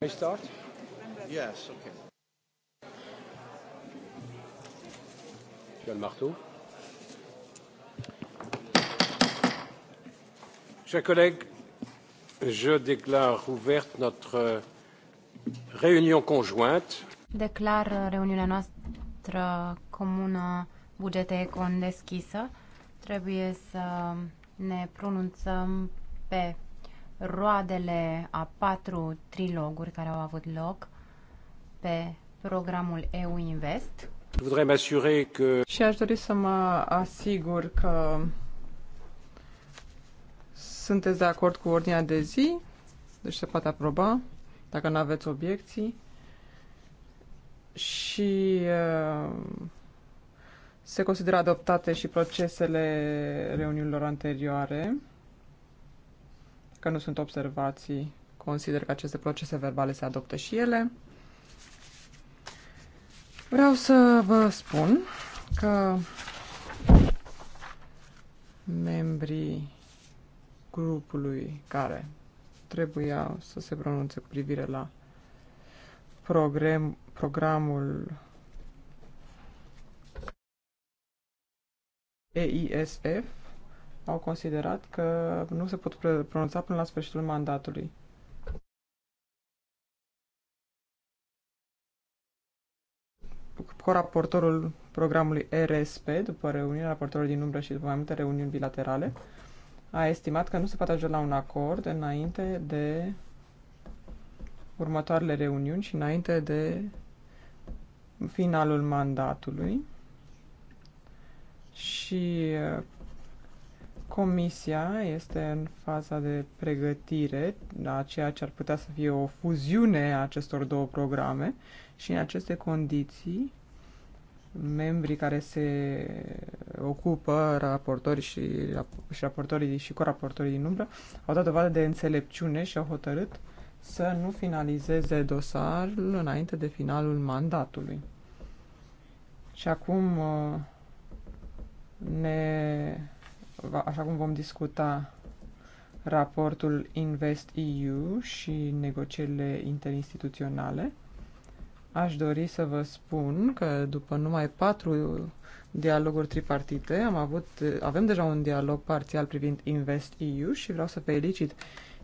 May start? Yes, okay. Tu marteau? Chers collègues, je déclare ouverte notre réunion conjointe. Declar reuniunea noastră comună bugete econ deschisă. Trebuie să ne pronunțăm pe roadele a patru triloguri care au avut loc pe programul EU Invest. Și aș dori să mă asigur că sunteți de acord cu ordinea de zi, deci se poate aproba, dacă nu aveți obiecții. Și uh, se consideră adoptate și procesele reuniunilor anterioare că nu sunt observații, consider că aceste procese verbale se adoptă și ele. Vreau să vă spun că membrii grupului care trebuia să se pronunțe cu privire la program, programul EISF au considerat că nu se pot pronunța până la sfârșitul mandatului. Coraportorul programului RSP, după reuniunea raportorilor din umbră și după mai multe reuniuni bilaterale, a estimat că nu se poate ajunge la un acord înainte de următoarele reuniuni și înainte de finalul mandatului și Comisia este în faza de pregătire a da, ceea ce ar putea să fie o fuziune a acestor două programe și în aceste condiții membrii care se ocupă, raportorii și, și raportorii și coraportorii din umbră, au dat dovadă de înțelepciune și au hotărât să nu finalizeze dosarul înainte de finalul mandatului. Și acum uh, ne așa cum vom discuta raportul Invest EU și negocierile interinstituționale, aș dori să vă spun că după numai patru dialoguri tripartite, am avut, avem deja un dialog parțial privind Invest EU și vreau să felicit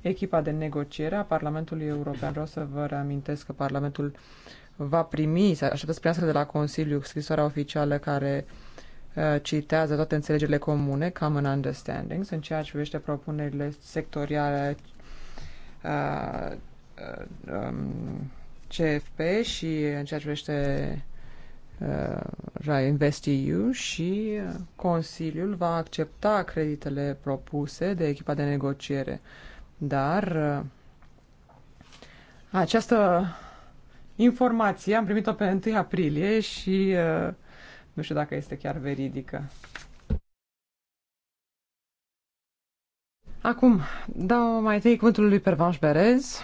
echipa de negociere a Parlamentului European. Vreau să vă reamintesc că Parlamentul va primi, se așteaptă să primească de la Consiliu scrisoarea oficială care uh, Uh, citează toate înțelegerile comune, common understandings, în ceea ce privește propunerile sectoriale uh, uh, um, CFP și în ceea ce privește uh, InvestEU și Consiliul va accepta creditele propuse de echipa de negociere. Dar uh, această informație am primit-o pe 1 aprilie și uh, nu știu dacă este chiar veridică. Acum, dau mai întâi cuvântul lui Pervanș Berez.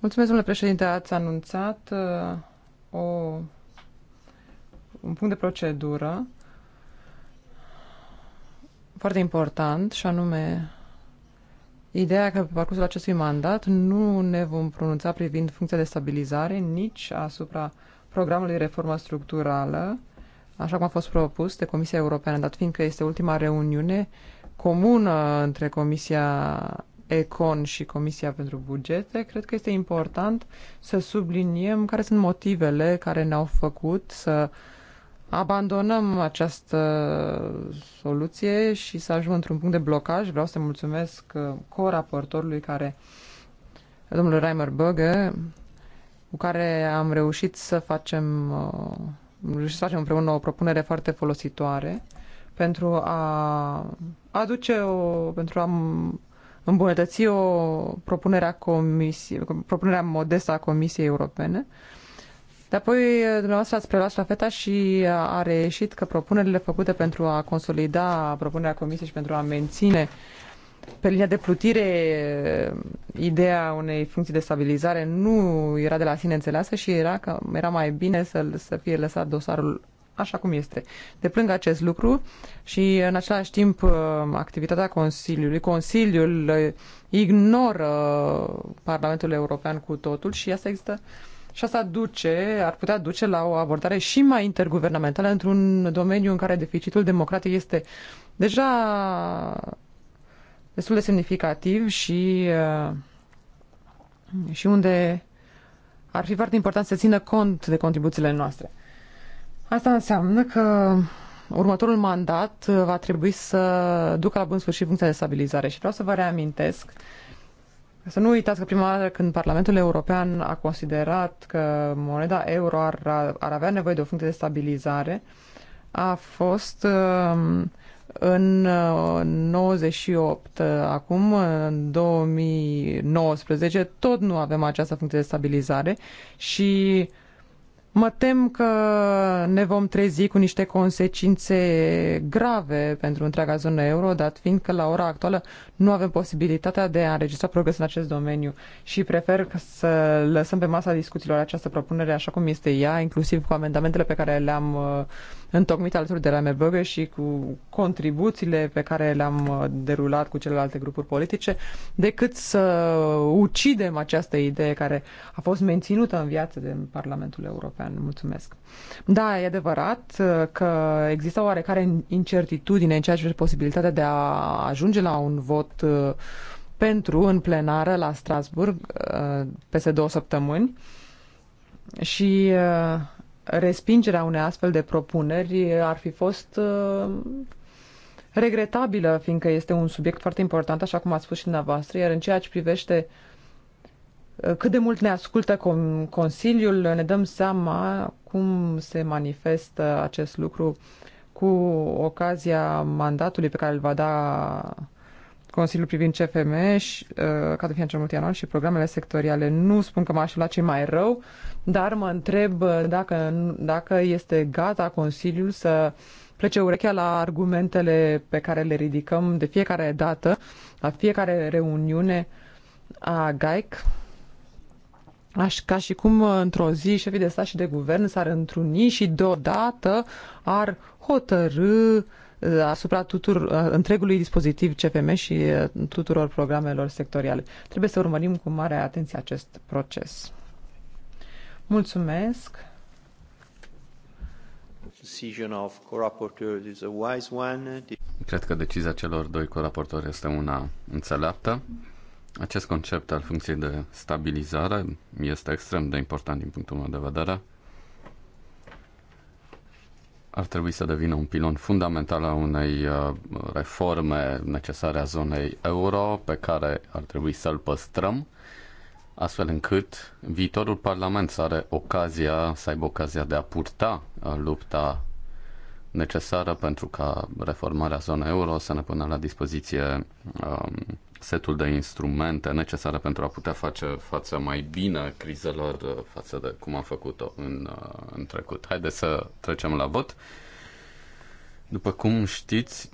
Mulțumesc, domnule președinte, ați anunțat uh, o, un punct de procedură foarte important și anume ideea că pe parcursul acestui mandat nu ne vom pronunța privind funcția de stabilizare nici asupra uh, programului Reformă Structurală, așa cum a fost propus de Comisia Europeană, dat fiindcă este ultima reuniune comună între Comisia Econ și Comisia pentru Bugete, cred că este important să subliniem care sunt motivele care ne-au făcut să abandonăm această soluție și să ajungem într-un punct de blocaj. Vreau să mulțumesc uh, co-raportorului care, domnul Reimer Böge, cu care am reușit să facem, am uh, reușit să facem împreună o propunere foarte folositoare pentru a aduce o, pentru a îmbunătăți o propunere a comisie, propunerea modestă a Comisiei Europene. De apoi, dumneavoastră ați preluat ștafeta și a reieșit că propunerile făcute pentru a consolida propunerea Comisiei și pentru a menține uh, pe linia de plutire, ideea unei funcții de stabilizare nu era de la sine înțeleasă și era că era mai bine să, să fie lăsat dosarul așa cum este. Deplâng acest lucru și în același timp activitatea Consiliului. Consiliul uh, ignoră Parlamentul European cu totul și asta există și asta duce, ar putea duce la o abordare și mai interguvernamentală într-un domeniu în care deficitul democratic este deja destul de semnificativ și, uh, și unde ar fi foarte important să țină cont de contribuțiile noastre. Asta înseamnă că următorul mandat uh, va trebui să ducă la bun sfârșit funcția de stabilizare și vreau să vă reamintesc să nu uitați că prima dată când Parlamentul European a considerat că moneda euro ar, ar avea nevoie de o funcție de stabilizare, a fost uh, în 98, uh, uh, acum uh, în 2019, tot nu avem această funcție de stabilizare și Mă tem că ne vom trezi cu niște consecințe grave pentru întreaga zonă euro, dat fiind că la ora actuală nu avem posibilitatea de a înregistra progres în acest domeniu și prefer să lăsăm pe masa discuțiilor această propunere așa cum este ea, inclusiv cu amendamentele pe care le-am uh, întocmit alături de Rame Băgă și cu contribuțiile pe care le-am uh, derulat cu celelalte grupuri politice, decât să ucidem această idee care a fost menținută în viață de Parlamentul Europei. European. Mulțumesc. Da, e adevărat uh, că există oarecare incertitudine în ceea ce privește posibilitatea de a ajunge la un vot uh, pentru în plenară la Strasburg uh, peste două săptămâni și respingerea unei astfel de propuneri ar fi fost regretabilă, fiindcă este un subiect foarte important, așa cum ați spus și dumneavoastră, iar în ceea ce privește uh, Uh, cât de mult ne ascultă Consiliul, ne dăm seama cum se manifestă acest lucru cu ocazia mandatului pe care îl va da Consiliul privind CFM și uh, cadrul financiar multianual și programele sectoriale. Nu spun că m-aș lua cei mai rău, dar mă întreb uh, dacă, dacă este gata Consiliul să plece urechea la argumentele pe care le ridicăm de fiecare dată, la fiecare reuniune a GAIC Aș, ca și cum uh, într-o zi șefii de stat și de guvern s-ar întruni și deodată ar hotărâ uh, asupra tuturor, uh, întregului dispozitiv CFM și tuturor programelor sectoriale. Trebuie să urmărim cu mare atenție acest proces. Mulțumesc! Cred că decizia celor doi coraportori este una înțeleaptă. Acest concept al funcției de stabilizare este extrem de important din punctul meu de vedere. Ar trebui să devină un pilon fundamental a unei uh, reforme necesare a zonei euro, pe care ar trebui să-l păstrăm, astfel încât viitorul Parlament să, are ocazia, să aibă ocazia de a purta uh, lupta necesară pentru ca reformarea zonei euro să ne pună la dispoziție um, setul de instrumente necesare pentru a putea face față mai bine crizelor uh, față de cum am făcut-o în, uh, în trecut. Haideți să trecem la vot. După cum știți,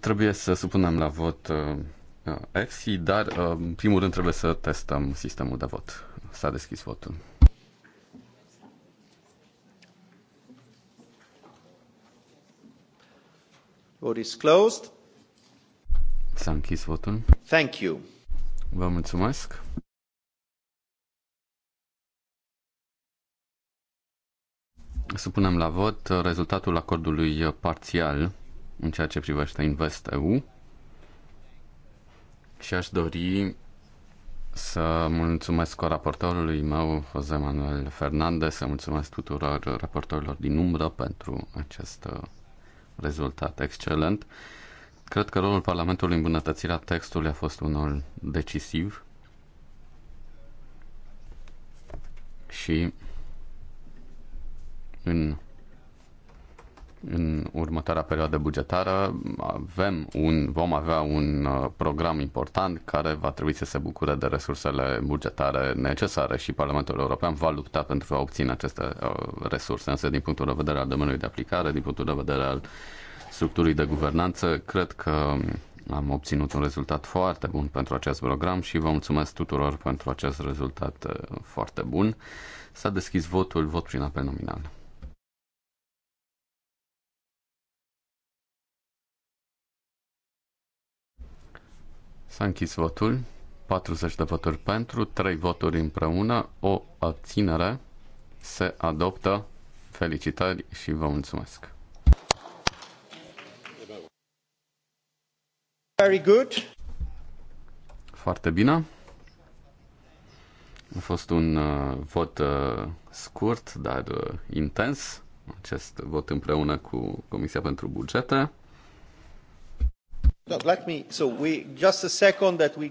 trebuie să supunem la vot uh, EFSI, uh, dar uh, în primul rând trebuie să testăm sistemul de vot. S-a deschis votul. Vote is closed. S-a închis votul. Thank you. Vă mulțumesc. Supunem la vot rezultatul acordului parțial în ceea ce privește InvestEU și aș dori să mulțumesc raportorului meu, Jose Manuel Fernandez, să mulțumesc tuturor raportorilor din umbră pentru acest rezultat excelent. Cred că rolul Parlamentului în îmbunătățirea textului a fost unul decisiv și în, în următoarea perioadă bugetară avem un, vom avea un uh, program important care va trebui să se bucure de resursele bugetare necesare și Parlamentul European va lupta pentru a obține aceste uh, resurse, însă din punctul de vedere al domeniului de aplicare, din punctul de vedere al uh, structurii de guvernanță. Cred că am obținut un rezultat foarte bun pentru acest program și vă mulțumesc tuturor pentru acest rezultat uh, foarte bun. S-a deschis votul, vot prin apel nominal. S-a închis votul. 40 de voturi pentru, 3 voturi împreună, o abținere. Se adoptă. Felicitări și vă mulțumesc! Very good. Foarte bine. A fost un uh, vot uh, scurt, dar uh, intens. Acest vot împreună cu Comisia pentru Bugete. No, let me, so we, just a second that we...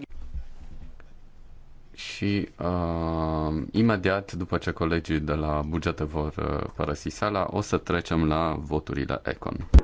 Și uh, imediat după ce colegii de la bugete vor uh, părăsi sala, o să trecem la voturile Econ.